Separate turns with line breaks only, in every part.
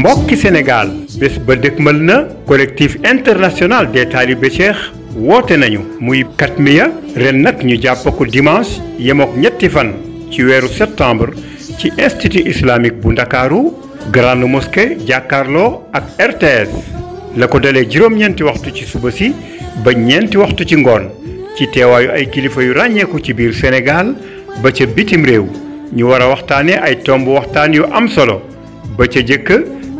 mbokki senegaal bés ba dëkkmal na collectif international des talibé cheikh woote nañu muy katmiya ren nag ñu jàpp ko dimanche yemook ñetti fan ci weeru septembre ci institut islamique bu ndakaaru grande mosquée jàkkaarloo ak RTS la ko dalee juróom-ñeenti waxtu ci suba si ba ñeenti waxtu ci ngoon ci teewaayu ay kilifa yu ràññeeku ci biir senegaal ba ca bitim réew ñu war a waxtaanee ay tomb waxtaan yu am solo ba ca jëkk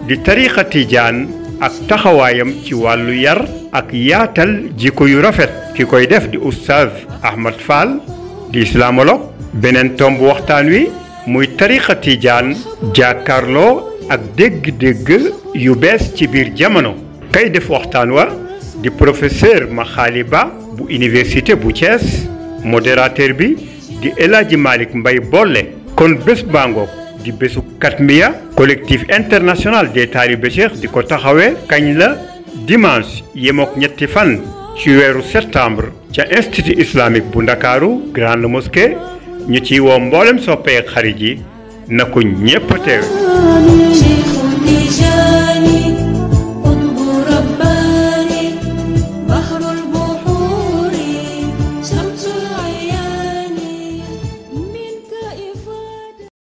di tariixa tijaan ak taxawaayam ci wàllu yar ak yaatal jikko yu rafet ki koy def di oustaz Ahmad Fall di islamologue beneen tomb waxtaan wi muy tariixa tijaan jàkkaarloo ak dégg-dégg yu bees ci biir jamono Kay def waxtaan wa di professeur Makhali de bu université bu Thiès modérateur bi di El Malik Mbaye Bolle kon bes bango di besu Katmia collectif international des talibé cheikh di ko taxawé kagn la dimanche yemok ñetti fan ci wéru septembre ci institut islamique bu Dakarou grande mosquée ñu ci wo mboolem soppeek xariji nako na